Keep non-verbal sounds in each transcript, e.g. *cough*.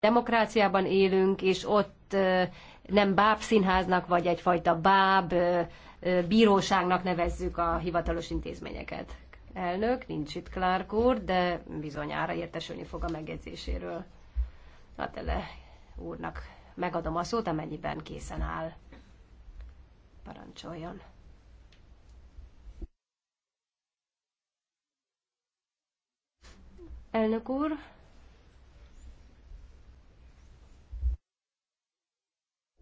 demokráciában élünk, és ott nem báb színháznak, vagy egyfajta báb bíróságnak nevezzük a hivatalos intézményeket. Elnök, nincs itt Clark úr, de bizonyára értesülni fog a megjegyzéséről. A tele úrnak megadom a szót, amennyiben készen áll. Parancsoljon. Elnök úr,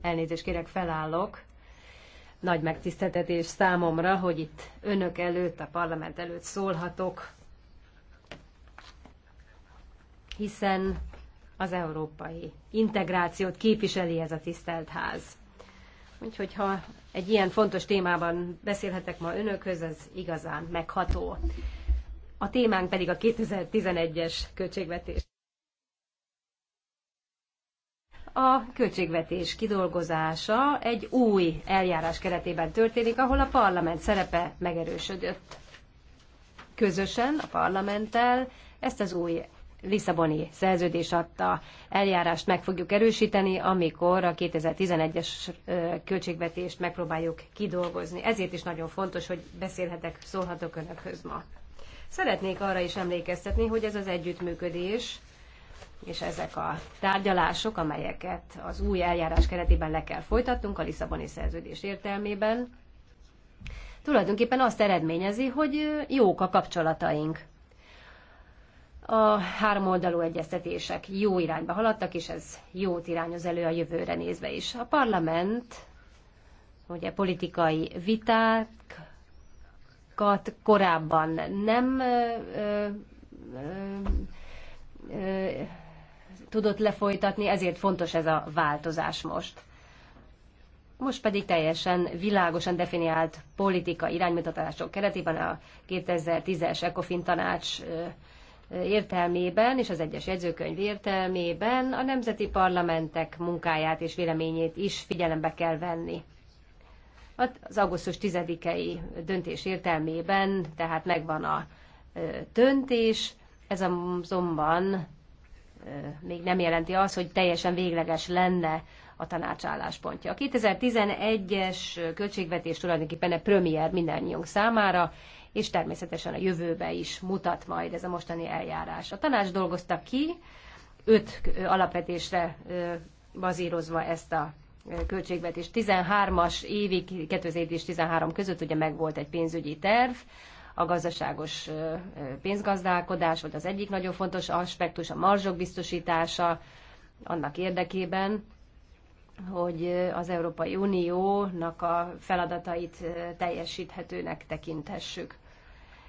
Elnézést kérek, felállok. Nagy megtiszteltetés számomra, hogy itt önök előtt, a parlament előtt szólhatok, hiszen az európai integrációt képviseli ez a tisztelt ház. Úgyhogy ha egy ilyen fontos témában beszélhetek ma önökhöz, ez igazán megható. A témánk pedig a 2011-es költségvetés a költségvetés kidolgozása egy új eljárás keretében történik, ahol a parlament szerepe megerősödött. Közösen a parlamenttel ezt az új Lisszaboni szerződés adta eljárást meg fogjuk erősíteni, amikor a 2011-es költségvetést megpróbáljuk kidolgozni. Ezért is nagyon fontos, hogy beszélhetek, szólhatok Önökhöz ma. Szeretnék arra is emlékeztetni, hogy ez az együttműködés és ezek a tárgyalások, amelyeket az új eljárás keretében le kell folytatnunk a Lisszaboni szerződés értelmében, tulajdonképpen azt eredményezi, hogy jók a kapcsolataink. A három oldalú egyeztetések jó irányba haladtak, és ez jót irányoz elő a jövőre nézve is. A parlament ugye politikai vitákat korábban nem ö, ö, ö, tudott lefolytatni, ezért fontos ez a változás most. Most pedig teljesen világosan definiált politika iránymutatások keretében a 2010-es ECOFIN tanács értelmében és az egyes jegyzőkönyv értelmében a nemzeti parlamentek munkáját és véleményét is figyelembe kell venni. Az augusztus 10-i döntés értelmében tehát megvan a döntés, ez azonban még nem jelenti az, hogy teljesen végleges lenne a tanács álláspontja. A 2011-es költségvetés tulajdonképpen a premier mindannyiunk számára, és természetesen a jövőbe is mutat majd ez a mostani eljárás. A tanács dolgozta ki, öt alapvetésre bazírozva ezt a költségvetés. 13-as évig, 2013 és között ugye megvolt egy pénzügyi terv, a gazdaságos pénzgazdálkodás, volt az egyik nagyon fontos aspektus, a marzsok biztosítása annak érdekében, hogy az Európai Uniónak a feladatait teljesíthetőnek tekintessük.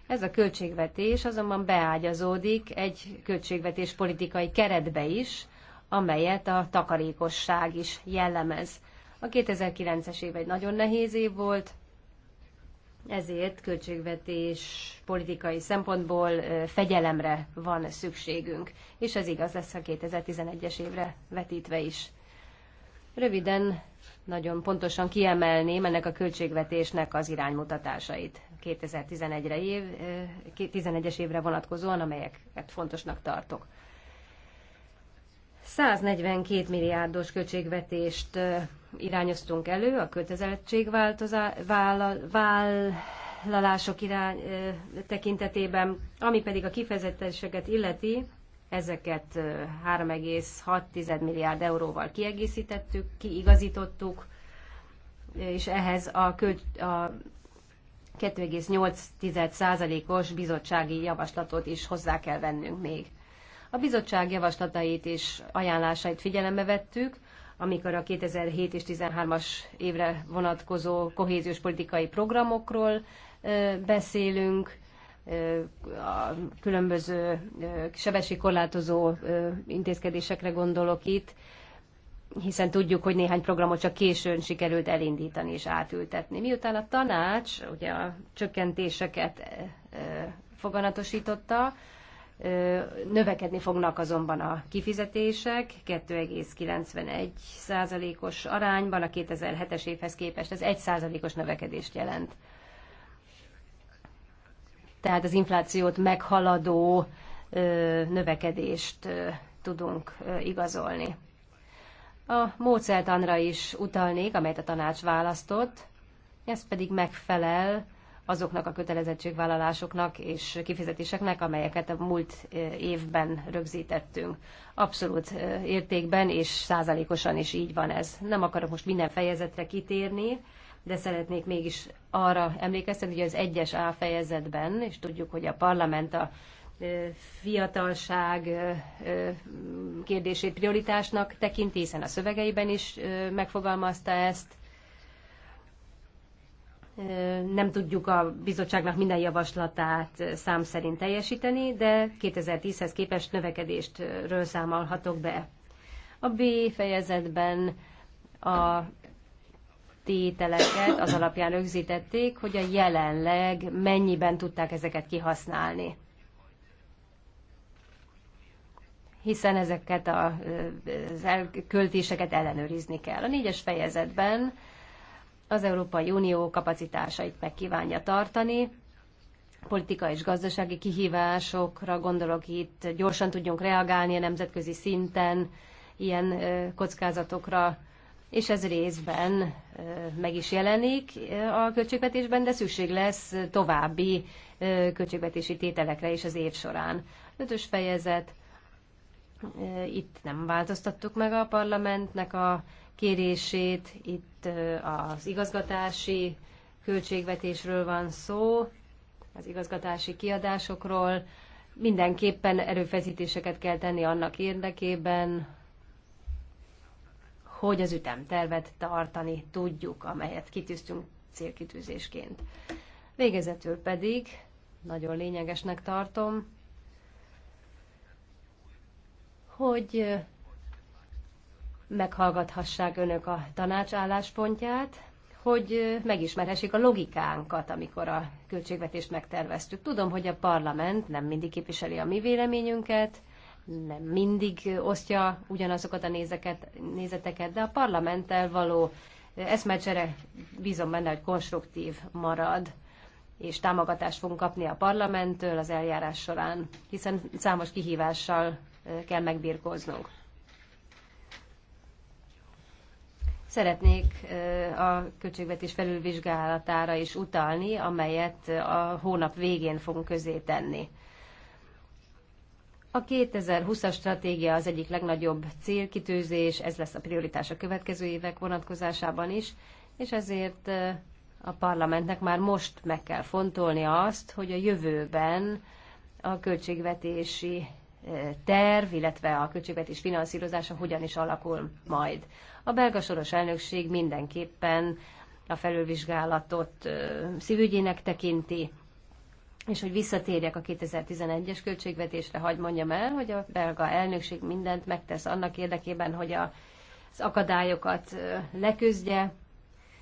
Ez a költségvetés azonban beágyazódik egy költségvetés politikai keretbe is, amelyet a takarékosság is jellemez. A 2009-es év egy nagyon nehéz év volt, ezért költségvetés politikai szempontból fegyelemre van szükségünk, és ez igaz lesz a 2011-es évre vetítve is. Röviden, nagyon pontosan kiemelném ennek a költségvetésnek az iránymutatásait 2011-re év, 2011-es évre vonatkozóan, amelyeket fontosnak tartok. 142 milliárdos költségvetést irányoztunk elő, a kötelezettségvállalások irány, tekintetében, ami pedig a kifejezetteseket illeti, ezeket 3,6 milliárd euróval kiegészítettük, kiigazítottuk, és ehhez a, költ, a 2,8%-os bizottsági javaslatot is hozzá kell vennünk még. A bizottság javaslatait és ajánlásait figyelembe vettük, amikor a 2007 és 2013-as évre vonatkozó kohéziós politikai programokról beszélünk, a különböző sebességkorlátozó intézkedésekre gondolok itt, hiszen tudjuk, hogy néhány programot csak későn sikerült elindítani és átültetni. Miután a tanács ugye a csökkentéseket foganatosította, Növekedni fognak azonban a kifizetések 2,91 százalékos arányban, a 2007-es évhez képest ez 1 százalékos növekedést jelent. Tehát az inflációt meghaladó növekedést tudunk igazolni. A módszertanra is utalnék, amelyet a tanács választott, ez pedig megfelel azoknak a kötelezettségvállalásoknak és kifizetéseknek, amelyeket a múlt eh, évben rögzítettünk. Abszolút eh, értékben és százalékosan is így van ez. Nem akarok most minden fejezetre kitérni, de szeretnék mégis arra emlékeztetni, hogy az egyes A fejezetben, és tudjuk, hogy a parlament a eh, fiatalság kérdését prioritásnak tekinti, hiszen a szövegeiben is megfogalmazta ezt, nem tudjuk a bizottságnak minden javaslatát szám szerint teljesíteni, de 2010-hez képest növekedéstről számolhatok be. A B fejezetben a tételeket az alapján rögzítették, hogy a jelenleg mennyiben tudták ezeket kihasználni. Hiszen ezeket a, az ellenőrizni kell. A négyes fejezetben az Európai Unió kapacitásait meg kívánja tartani. Politika és gazdasági kihívásokra gondolok itt, gyorsan tudjunk reagálni a nemzetközi szinten ilyen kockázatokra, és ez részben meg is jelenik a költségvetésben, de szükség lesz további költségvetési tételekre is az év során. Ötös fejezet itt nem változtattuk meg a parlamentnek a kérését, itt az igazgatási költségvetésről van szó, az igazgatási kiadásokról. Mindenképpen erőfeszítéseket kell tenni annak érdekében, hogy az ütemtervet tartani tudjuk, amelyet kitűztünk célkitűzésként. Végezetül pedig nagyon lényegesnek tartom, hogy meghallgathassák önök a tanács álláspontját, hogy megismerhessék a logikánkat, amikor a költségvetést megterveztük. Tudom, hogy a parlament nem mindig képviseli a mi véleményünket, nem mindig osztja ugyanazokat a nézeket, nézeteket, de a parlamenttel való eszmecsere bízom benne, hogy konstruktív marad és támogatást fogunk kapni a parlamenttől az eljárás során, hiszen számos kihívással kell megbirkóznunk. Szeretnék a költségvetés felülvizsgálatára is utalni, amelyet a hónap végén fogunk közé tenni. A 2020-as stratégia az egyik legnagyobb célkitűzés, ez lesz a prioritás a következő évek vonatkozásában is, és ezért a parlamentnek már most meg kell fontolni azt, hogy a jövőben a költségvetési terv, illetve a költségvetés finanszírozása hogyan is alakul majd. A belga soros elnökség mindenképpen a felülvizsgálatot szívügyének tekinti, és hogy visszatérjek a 2011-es költségvetésre, hagyd mondjam el, hogy a belga elnökség mindent megtesz annak érdekében, hogy a, az akadályokat leküzdje,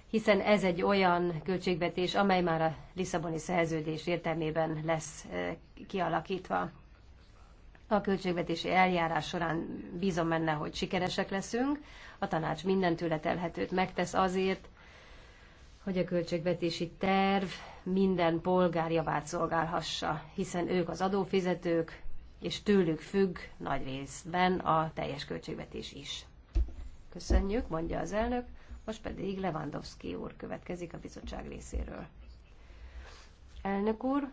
hiszen ez egy olyan költségvetés, amely már a Lisszaboni szerződés értelmében lesz kialakítva a költségvetési eljárás során bízom benne, hogy sikeresek leszünk. A tanács minden tőle telhetőt megtesz azért, hogy a költségvetési terv minden polgár javát szolgálhassa, hiszen ők az adófizetők, és tőlük függ nagy részben a teljes költségvetés is. Köszönjük, mondja az elnök, most pedig Lewandowski úr következik a bizottság részéről. Elnök úr,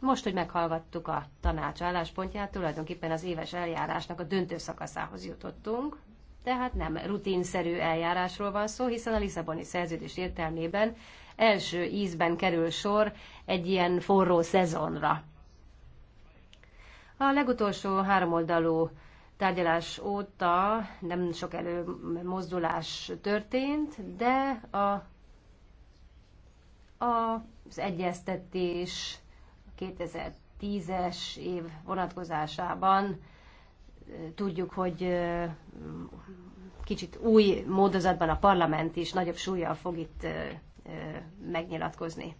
most, hogy meghallgattuk a tanács álláspontját, tulajdonképpen az éves eljárásnak a döntő szakaszához jutottunk, tehát nem rutinszerű eljárásról van szó, hiszen a Lisszaboni szerződés értelmében első ízben kerül sor egy ilyen forró szezonra. A legutolsó háromoldalú tárgyalás óta nem sok előmozdulás történt, de a, a, az egyeztetés 2010-es év vonatkozásában tudjuk, hogy kicsit új módozatban a parlament is nagyobb súlyjal fog itt megnyilatkozni.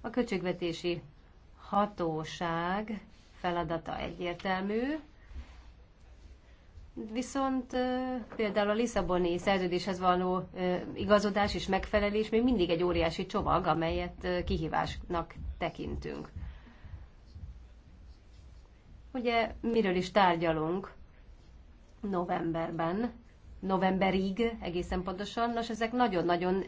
A költségvetési hatóság feladata egyértelmű, Viszont például a Lisszaboni szerződéshez való igazodás és megfelelés még mindig egy óriási csomag, amelyet kihívásnak tekintünk. Ugye miről is tárgyalunk novemberben, novemberig egészen pontosan, nos ezek nagyon-nagyon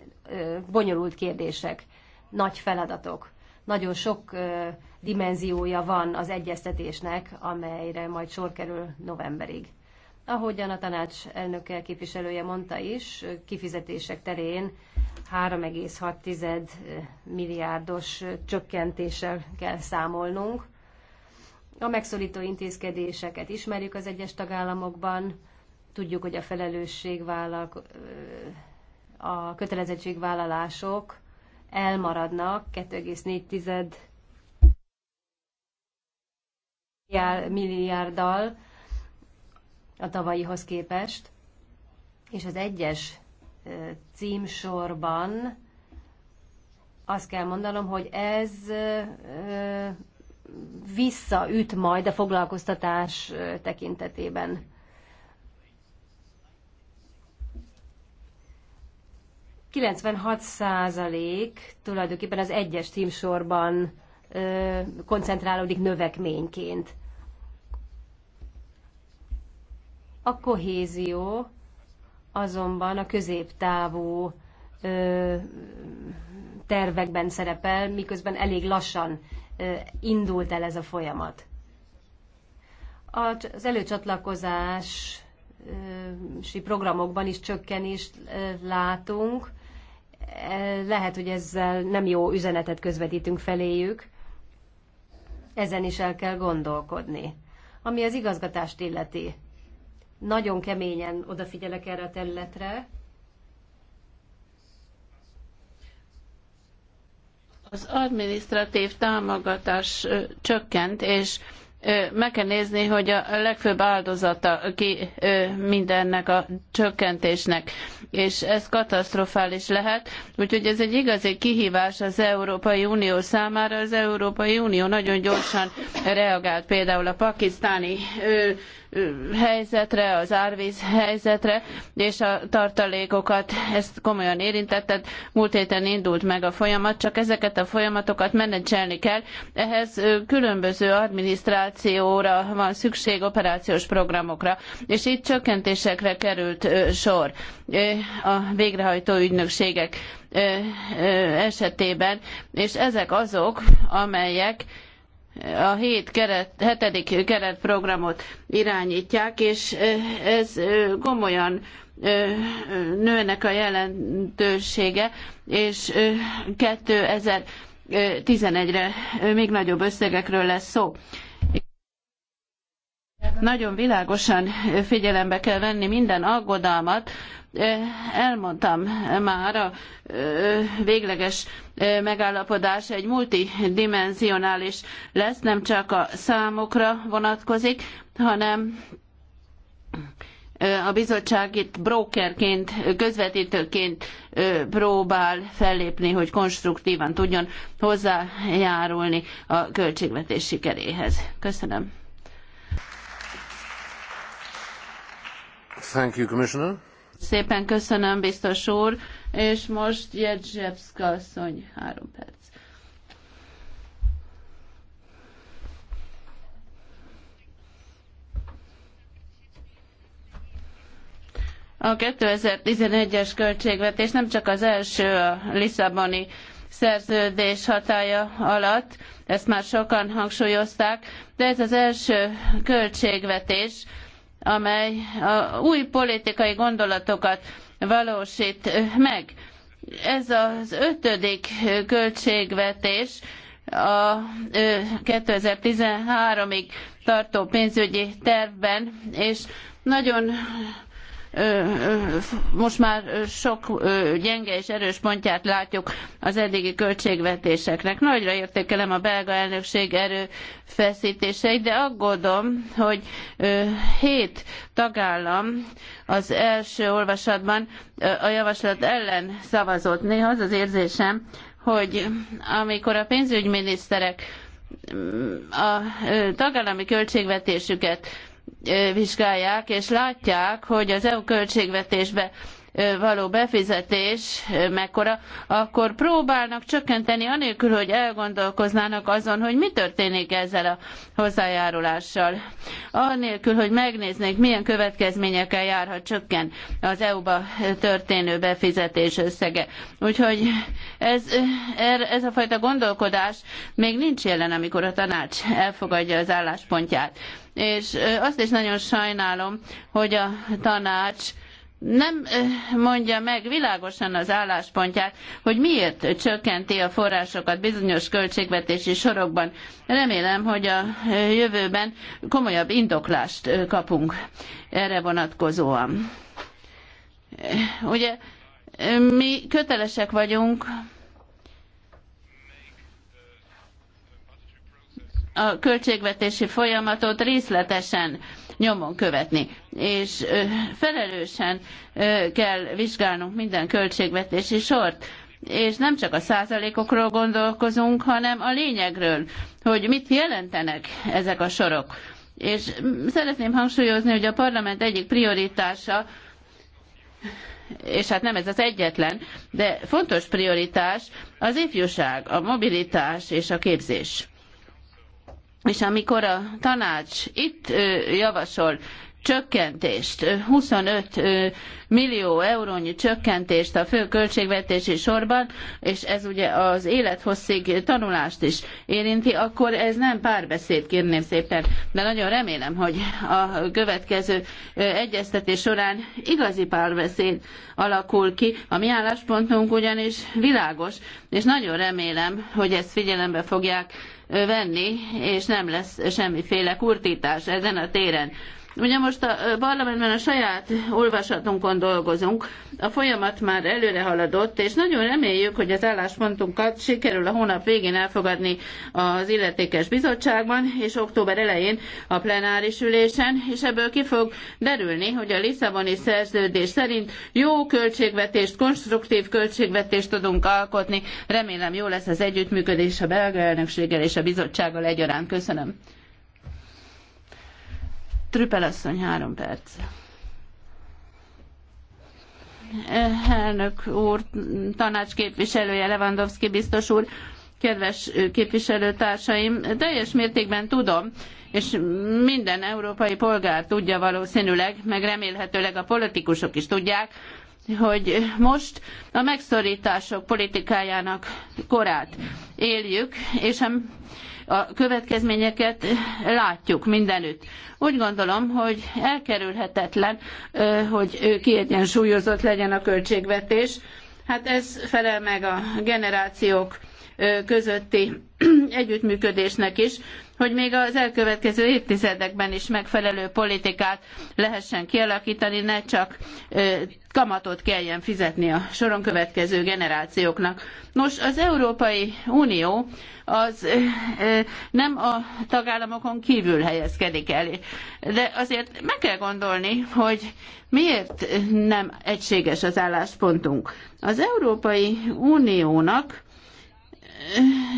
bonyolult kérdések, nagy feladatok nagyon sok ö, dimenziója van az egyeztetésnek, amelyre majd sor kerül novemberig. Ahogyan a tanács elnöke képviselője mondta is, kifizetések terén 3,6 eh, milliárdos eh, csökkentéssel kell számolnunk. A megszorító intézkedéseket ismerjük az egyes tagállamokban, tudjuk, hogy a felelősségvállalk, eh, a kötelezettségvállalások elmaradnak 2,4 milliárddal, a tavalyihoz képest, és az egyes címsorban azt kell mondanom, hogy ez visszaüt majd a foglalkoztatás tekintetében. százalék tulajdonképpen az egyes tímsorban koncentrálódik növekményként. A kohézió azonban a középtávú ö, tervekben szerepel, miközben elég lassan ö, indult el ez a folyamat. Az előcsatlakozási programokban is csökkenést látunk. Lehet, hogy ezzel nem jó üzenetet közvetítünk feléjük. Ezen is el kell gondolkodni. Ami az igazgatást illeti, nagyon keményen odafigyelek erre a területre. Az adminisztratív támogatás csökkent, és meg kell nézni, hogy a legfőbb áldozata ki mindennek a csökkentésnek, és ez katasztrofális lehet. Úgyhogy ez egy igazi kihívás az Európai Unió számára. Az Európai Unió nagyon gyorsan reagált például a pakisztáni helyzetre, az árvíz helyzetre, és a tartalékokat, ezt komolyan érintettet. Múlt héten indult meg a folyamat, csak ezeket a folyamatokat menedzselni kell. Ehhez különböző adminisztrációra van szükség, operációs programokra, és itt csökkentésekre került sor a végrehajtó ügynökségek esetében, és ezek azok, amelyek a hét keret, hetedik keretprogramot irányítják, és ez komolyan nőnek a jelentősége, és 2011-re még nagyobb összegekről lesz szó. Nagyon világosan figyelembe kell venni minden aggodalmat, elmondtam már, a végleges megállapodás egy multidimensionális lesz, nem csak a számokra vonatkozik, hanem a bizottság itt brokerként, közvetítőként próbál fellépni, hogy konstruktívan tudjon hozzájárulni a költségvetés sikeréhez. Köszönöm. Thank you, Commissioner. Szépen köszönöm, biztos úr, és most Jedzsebszka asszony, három perc. A 2011-es költségvetés nem csak az első a Lisszaboni szerződés hatálya alatt, ezt már sokan hangsúlyozták, de ez az első költségvetés, amely a új politikai gondolatokat valósít meg. Ez az ötödik költségvetés a 2013-ig tartó pénzügyi tervben, és nagyon most már sok gyenge és erős pontját látjuk az eddigi költségvetéseknek. Nagyra értékelem a belga elnökség erőfeszítéseit, de aggódom, hogy hét tagállam az első olvasatban a javaslat ellen szavazott. Néha az az érzésem, hogy amikor a pénzügyminiszterek mm, a tagállami költségvetésüket vizsgálják, és látják, hogy az EU költségvetésbe való befizetés mekkora, akkor próbálnak csökkenteni anélkül, hogy elgondolkoznának azon, hogy mi történik ezzel a hozzájárulással. Anélkül, hogy megnéznék, milyen következményekkel jár, ha csökken az EU-ba történő befizetés összege. Úgyhogy ez, er, ez a fajta gondolkodás még nincs jelen, amikor a tanács elfogadja az álláspontját és azt is nagyon sajnálom, hogy a tanács nem mondja meg világosan az álláspontját, hogy miért csökkenti a forrásokat bizonyos költségvetési sorokban. Remélem, hogy a jövőben komolyabb indoklást kapunk erre vonatkozóan. Ugye mi kötelesek vagyunk a költségvetési folyamatot részletesen nyomon követni. És felelősen kell vizsgálnunk minden költségvetési sort és nem csak a százalékokról gondolkozunk, hanem a lényegről, hogy mit jelentenek ezek a sorok. És szeretném hangsúlyozni, hogy a parlament egyik prioritása, és hát nem ez az egyetlen, de fontos prioritás az ifjúság, a mobilitás és a képzés. És amikor a tanács itt javasol csökkentést, 25 millió eurónyi csökkentést a fő költségvetési sorban, és ez ugye az élethosszig tanulást is érinti, akkor ez nem párbeszéd, kérném szépen. De nagyon remélem, hogy a következő egyeztetés során igazi párbeszéd alakul ki. A mi álláspontunk ugyanis világos, és nagyon remélem, hogy ezt figyelembe fogják venni, és nem lesz semmiféle kurtítás ezen a téren. Ugye most a parlamentben a saját olvasatunkon dolgozunk, a folyamat már előre haladott, és nagyon reméljük, hogy az álláspontunkat sikerül a hónap végén elfogadni az illetékes bizottságban, és október elején a plenáris ülésen, és ebből ki fog derülni, hogy a Lisszaboni szerződés szerint jó költségvetést, konstruktív költségvetést tudunk alkotni. Remélem jó lesz az együttműködés a belga elnökséggel és a bizottsággal egyaránt. Köszönöm. Trüppel asszony, három perc. Elnök úr, tanács képviselője Lewandowski biztos úr, kedves képviselőtársaim, teljes mértékben tudom, és minden európai polgár tudja valószínűleg, meg remélhetőleg a politikusok is tudják, hogy most a megszorítások politikájának korát éljük, és a a következményeket látjuk mindenütt. Úgy gondolom, hogy elkerülhetetlen, hogy kiegyensúlyozott legyen a költségvetés. Hát ez felel meg a generációk közötti *clears throat* együttműködésnek is, hogy még az elkövetkező évtizedekben is megfelelő politikát lehessen kialakítani, ne csak kamatot kelljen fizetni a soron következő generációknak. Nos, az Európai Unió az nem a tagállamokon kívül helyezkedik el, de azért meg kell gondolni, hogy miért nem egységes az álláspontunk. Az Európai Uniónak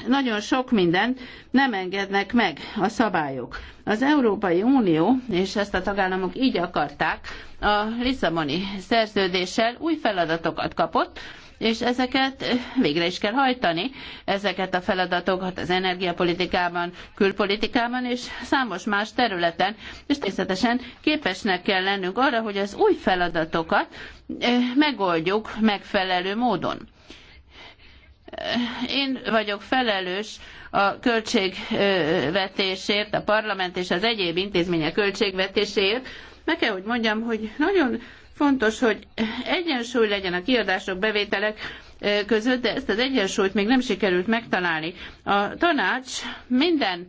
nagyon sok mindent nem engednek meg a szabályok. Az Európai Unió, és ezt a tagállamok így akarták, a Lisszaboni szerződéssel új feladatokat kapott, és ezeket végre is kell hajtani, ezeket a feladatokat az energiapolitikában, külpolitikában és számos más területen, és természetesen képesnek kell lennünk arra, hogy az új feladatokat eh, megoldjuk megfelelő módon. Én vagyok felelős a költségvetésért, a parlament és az egyéb intézmények költségvetéséért. Meg kell, hogy mondjam, hogy nagyon fontos, hogy egyensúly legyen a kiadások, bevételek között, de ezt az egyensúlyt még nem sikerült megtalálni. A tanács minden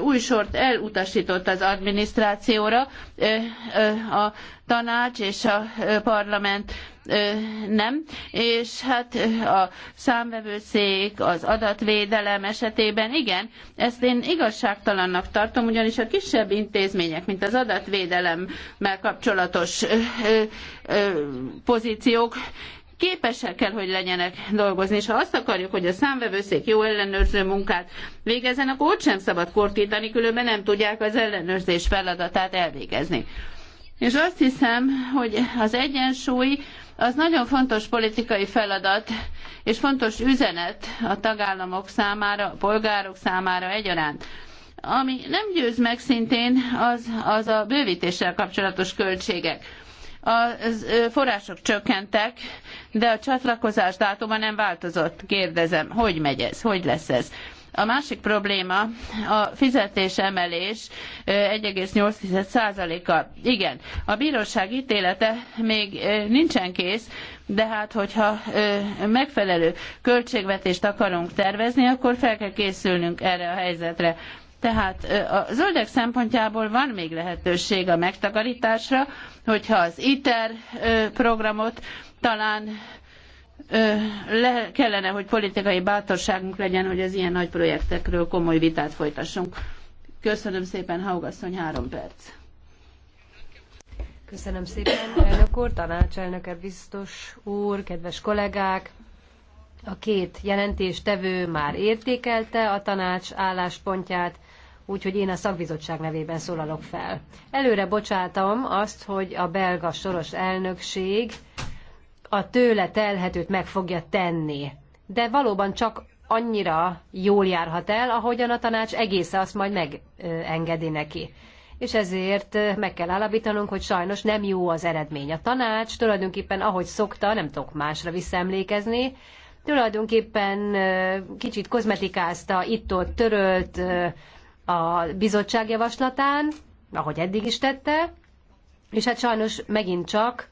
új sort elutasított az adminisztrációra. A tanács és a parlament nem, és hát a számvevőszék, az adatvédelem esetében igen, ezt én igazságtalannak tartom, ugyanis a kisebb intézmények, mint az adatvédelemmel kapcsolatos pozíciók, képesek kell, hogy legyenek dolgozni, és ha azt akarjuk, hogy a számvevőszék jó ellenőrző munkát végezzen, akkor ott sem szabad kortítani, különben nem tudják az ellenőrzés feladatát elvégezni. És azt hiszem, hogy az egyensúly az nagyon fontos politikai feladat, és fontos üzenet a tagállamok számára, a polgárok számára egyaránt. Ami nem győz meg szintén, az, az a bővítéssel kapcsolatos költségek. A források csökkentek, de a csatlakozás dátuma nem változott. Kérdezem, hogy megy ez, hogy lesz ez? A másik probléma a fizetésemelés 1,8%-a. Igen, a bíróság ítélete még nincsen kész, de hát, hogyha megfelelő költségvetést akarunk tervezni, akkor fel kell készülnünk erre a helyzetre. Tehát a zöldek szempontjából van még lehetőség a megtakarításra, hogyha az ITER programot talán le kellene, hogy politikai bátorságunk legyen, hogy az ilyen nagy projektekről komoly vitát folytassunk. Köszönöm szépen, Haugasszony, három perc. Köszönöm szépen, elnök úr, tanácselnöke, biztos úr, kedves kollégák! A két jelentéstevő már értékelte a tanács álláspontját, úgyhogy én a szakbizottság nevében szólalok fel. Előre bocsátom azt, hogy a belga soros elnökség a tőle telhetőt meg fogja tenni. De valóban csak annyira jól járhat el, ahogyan a tanács egésze azt majd megengedi neki. És ezért meg kell állapítanunk, hogy sajnos nem jó az eredmény. A tanács tulajdonképpen, ahogy szokta, nem tudok másra visszaemlékezni, tulajdonképpen kicsit kozmetikázta, itt-ott törölt a bizottság javaslatán, ahogy eddig is tette, és hát sajnos megint csak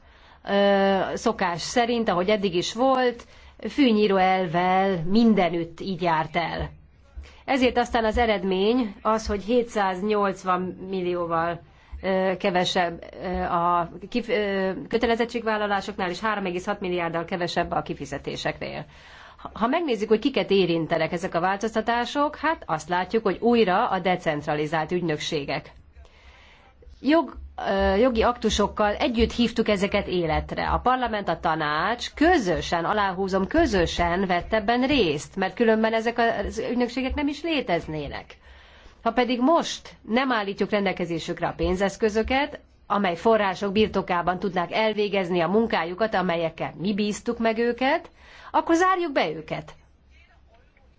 szokás szerint, ahogy eddig is volt, fűnyíró elvel mindenütt így járt el. Ezért aztán az eredmény az, hogy 780 millióval kevesebb a kötelezettségvállalásoknál, és 3,6 milliárddal kevesebb a kifizetéseknél. Ha megnézzük, hogy kiket érintenek ezek a változtatások, hát azt látjuk, hogy újra a decentralizált ügynökségek jog, jogi aktusokkal együtt hívtuk ezeket életre. A parlament, a tanács közösen, aláhúzom, közösen vett ebben részt, mert különben ezek az ügynökségek nem is léteznének. Ha pedig most nem állítjuk rendelkezésükre a pénzeszközöket, amely források birtokában tudnák elvégezni a munkájukat, amelyekkel mi bíztuk meg őket, akkor zárjuk be őket.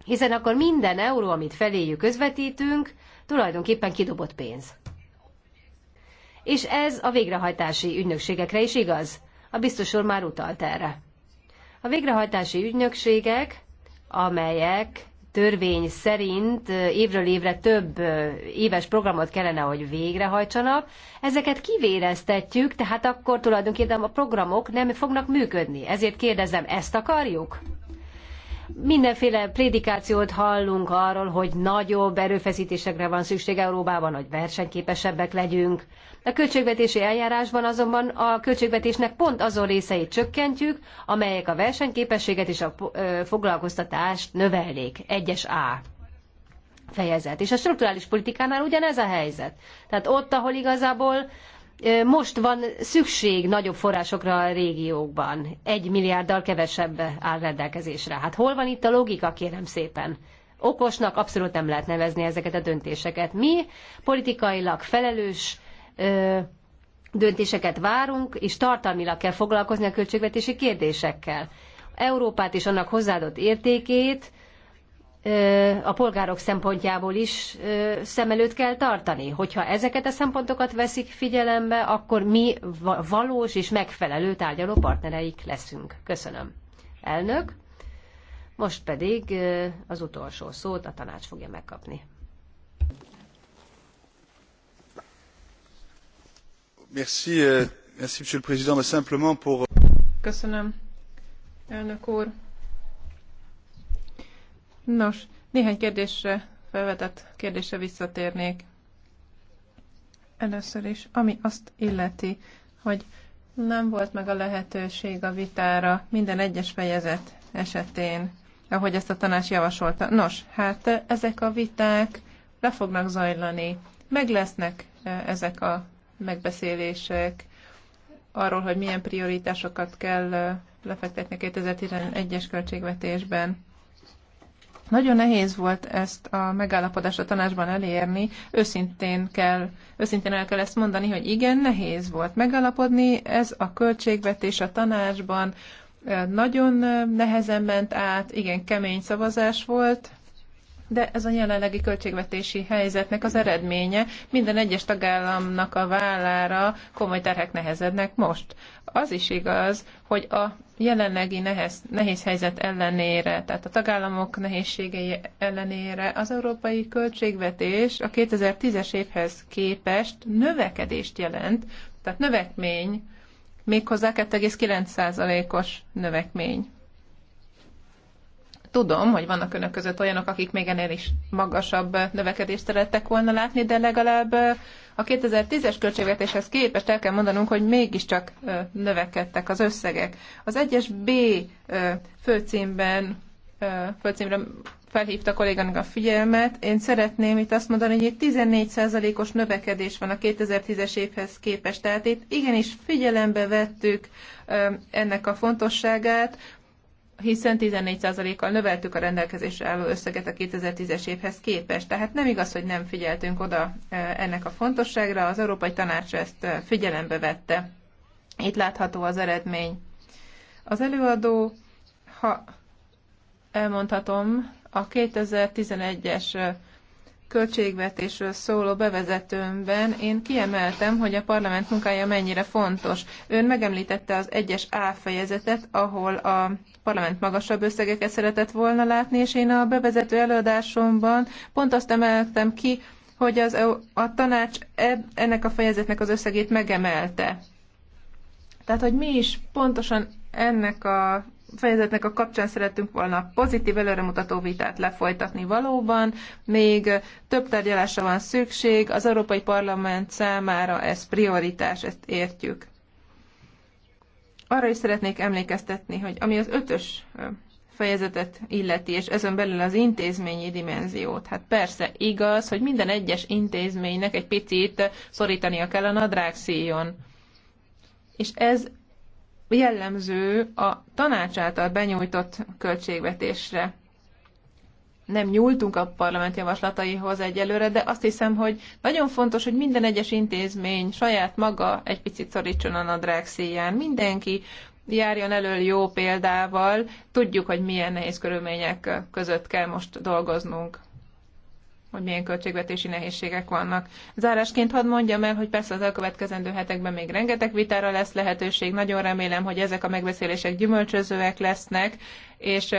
Hiszen akkor minden euró, amit feléjük közvetítünk, tulajdonképpen kidobott pénz és ez a végrehajtási ügynökségekre is igaz. A biztos úr már utalt erre. A végrehajtási ügynökségek, amelyek törvény szerint évről évre több éves programot kellene, hogy végrehajtsanak. Ezeket kivéreztetjük, tehát akkor tulajdonképpen a programok nem fognak működni. Ezért kérdezem, ezt akarjuk? Mindenféle prédikációt hallunk arról, hogy nagyobb erőfeszítésekre van szükség Európában, hogy versenyképesebbek legyünk. A költségvetési eljárásban azonban a költségvetésnek pont azon részeit csökkentjük, amelyek a versenyképességet és a foglalkoztatást növelnék. Egyes A fejezet. És a strukturális politikánál ugyanez a helyzet. Tehát ott, ahol igazából most van szükség nagyobb forrásokra a régiókban. Egy milliárddal kevesebb áll rendelkezésre. Hát hol van itt a logika, kérem szépen? Okosnak abszolút nem lehet nevezni ezeket a döntéseket. Mi politikailag felelős ö, döntéseket várunk, és tartalmilag kell foglalkozni a költségvetési kérdésekkel. Európát és annak hozzáadott értékét a polgárok szempontjából is szem előtt kell tartani. Hogyha ezeket a szempontokat veszik figyelembe, akkor mi valós és megfelelő tárgyaló partnereik leszünk. Köszönöm. Elnök, most pedig az utolsó szót a tanács fogja megkapni. Merci, euh, merci, monsieur le président, simplement pour... Köszönöm, elnök úr. Nos, néhány kérdésre, felvetett kérdésre visszatérnék. Először is, ami azt illeti, hogy nem volt meg a lehetőség a vitára minden egyes fejezet esetén, ahogy ezt a tanács javasolta. Nos, hát ezek a viták le fognak zajlani, meg lesznek e, ezek a megbeszélések arról, hogy milyen prioritásokat kell e, lefektetni 2011-es költségvetésben. Nagyon nehéz volt ezt a megállapodást a tanácsban elérni. Őszintén, kell, őszintén el kell ezt mondani, hogy igen, nehéz volt megállapodni. Ez a költségvetés a tanácsban eh, nagyon eh, nehezen ment át, igen, kemény szavazás volt, de ez a jelenlegi költségvetési helyzetnek az eredménye. Minden egyes tagállamnak a vállára komoly terhek nehezednek most. Az is igaz, hogy a jelenlegi nehez, nehéz helyzet ellenére, tehát a tagállamok nehézségei ellenére az európai költségvetés a 2010-es évhez képest növekedést jelent, tehát növekmény, méghozzá 2,9%-os növekmény. Tudom, hogy vannak önök között olyanok, akik még ennél is magasabb növekedést szerettek volna látni, de legalább a 2010-es költségvetéshez képest el kell mondanunk, hogy mégiscsak növekedtek az összegek. Az egyes B főcímben, főcímre felhívta kolléganak a figyelmet. Én szeretném itt azt mondani, hogy itt 14%-os növekedés van a 2010-es évhez képest. Tehát itt igenis figyelembe vettük ennek a fontosságát, hiszen 14%-kal növeltük a rendelkezésre álló összeget a 2010-es évhez képest. Tehát nem igaz, hogy nem figyeltünk oda e, ennek a fontosságra, az Európai Tanács ezt e, figyelembe vette. Itt látható az eredmény. Az előadó, ha elmondhatom, a 2011-es költségvetésről szóló bevezetőmben én kiemeltem, hogy a parlament munkája mennyire fontos. Ön megemlítette az egyes A fejezetet, ahol a parlament magasabb összegeket szeretett volna látni, és én a bevezető előadásomban pont azt emeltem ki, hogy az, e a tanács ennek a fejezetnek az összegét megemelte. Tehát, hogy mi is pontosan ennek a fejezetnek a kapcsán szerettünk volna pozitív előremutató vitát lefolytatni valóban, még több tárgyalásra van szükség, az Európai Parlament számára ez prioritás, ezt értjük. Arra is szeretnék emlékeztetni, hogy ami az ötös fejezetet illeti, és ezen belül az intézményi dimenziót. Hát persze igaz, hogy minden egyes intézménynek egy picit szorítania kell a nadrág szíjon. És ez jellemző a tanács által benyújtott költségvetésre. Nem nyúltunk a parlament javaslataihoz egyelőre, de azt hiszem, hogy nagyon fontos, hogy minden egyes intézmény saját maga egy picit szorítson a nadrág szíján. Mindenki járjon elől jó példával. Tudjuk, hogy milyen nehéz körülmények között kell most dolgoznunk hogy milyen költségvetési nehézségek vannak. Zárásként hadd mondjam el, hogy persze az elkövetkezendő hetekben még rengeteg vitára lesz lehetőség. Nagyon remélem, hogy ezek a megbeszélések gyümölcsözőek lesznek, és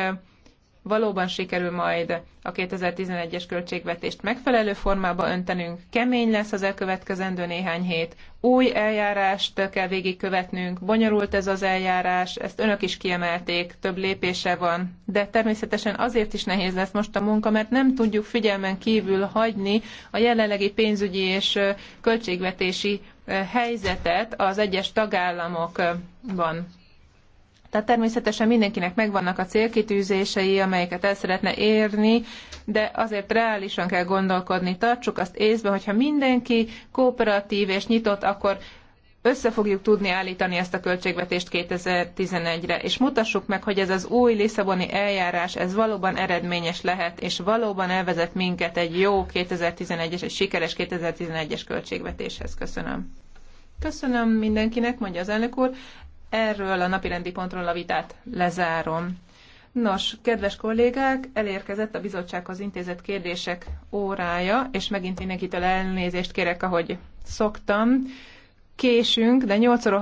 valóban sikerül majd a 2011-es költségvetést megfelelő formába öntenünk, kemény lesz az elkövetkezendő néhány hét, új eljárást kell végigkövetnünk, bonyolult ez az eljárás, ezt önök is kiemelték, több lépése van, de természetesen azért is nehéz lesz most a munka, mert nem tudjuk figyelmen kívül hagyni a jelenlegi pénzügyi és költségvetési helyzetet az egyes tagállamokban tehát természetesen mindenkinek megvannak a célkitűzései, amelyeket el szeretne érni, de azért reálisan kell gondolkodni. Tartsuk azt észbe, hogyha mindenki kooperatív és nyitott, akkor össze fogjuk tudni állítani ezt a költségvetést 2011-re, és mutassuk meg, hogy ez az új Lisszaboni eljárás, ez valóban eredményes lehet, és valóban elvezet minket egy jó 2011-es, egy sikeres 2011-es költségvetéshez. Köszönöm. Köszönöm mindenkinek, mondja az elnök úr erről a napirendi pontról a vitát lezárom. Nos, kedves kollégák, elérkezett a bizottsághoz intézett kérdések órája, és megint mindenkitől elnézést kérek, ahogy szoktam. Késünk, de 8 óra